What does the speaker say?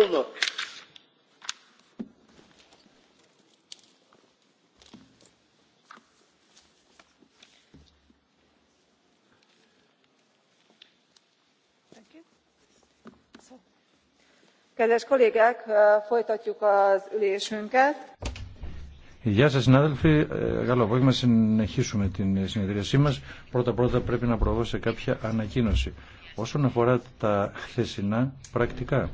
Γεια σας συνάδελφοι, ε, καλό απόγευμα, συνεχίσουμε την συνεδρίασή μας. Πρώτα-πρώτα πρέπει να προβώ σε κάποια ανακοίνωση όσον αφορά τα χθεσινά πρακτικά.